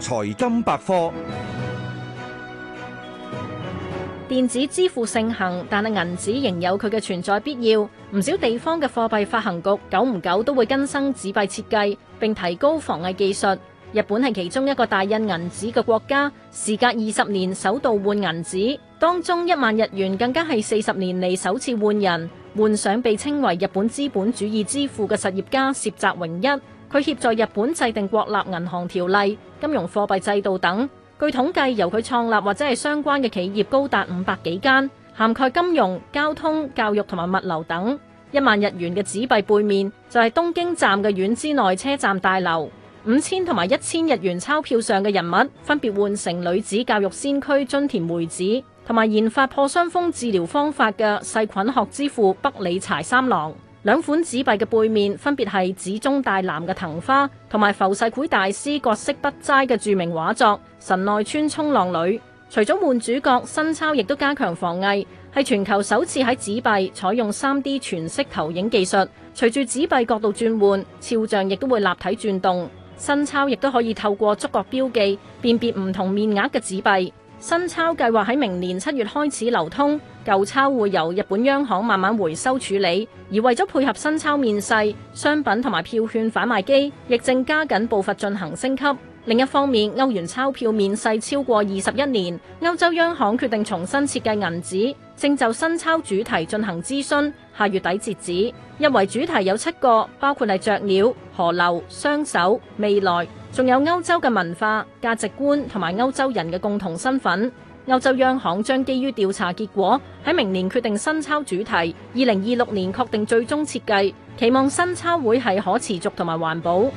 財金百科，電子支付盛行，但係銀紙仍有佢嘅存在必要。唔少地方嘅貨幣發行局，久唔久都會更新紙幣設計，並提高防偽技術。日本係其中一個大印銀紙嘅國家，時隔二十年，首度換銀紙，當中一萬日元更加係四十年嚟首次換人，換上被稱為日本資本主義之父嘅實業家澀澤榮一。佢協助日本制定國立銀行條例、金融貨幣制度等。據統計，由佢創立或者係相關嘅企業高達五百幾間，涵蓋金融、交通、教育同埋物流等。一萬日元嘅紙幣背面就係東京站嘅丸之內車站大樓。五千同埋一千日元鈔票上嘅人物分別換成女子教育先驅津田梅子同埋研發破傷風治療方法嘅細菌學之父北里柴三郎。兩款紙幣嘅背面分別係紫中帶藍嘅藤花，同埋浮世繪大師葛飾北齋嘅著名畫作《神奈川沖浪裏》。除咗換主角，新鈔亦都加強防偽，係全球首次喺紙幣採用三 D 全息投影技術。隨住紙幣角度轉換，肖像亦都會立體轉動。新鈔亦都可以透過觸角標記辨別唔同面額嘅紙幣。新鈔計劃喺明年七月開始流通，舊鈔會由日本央行慢慢回收處理。而為咗配合新鈔面世，商品同埋票券販賣機亦正加緊步伐進行升級。另一方面，歐元鈔票面世超過二十一年，歐洲央行決定重新設計銀紙，正就新鈔主題進行諮詢，下月底截止。入圍主題有七個，包括係雀鳥、河流、雙手、未來，仲有歐洲嘅文化價值觀同埋歐洲人嘅共同身份。歐洲央行將基於調查結果喺明年決定新鈔主題，二零二六年確定最終設計，期望新鈔會係可持續同埋環保。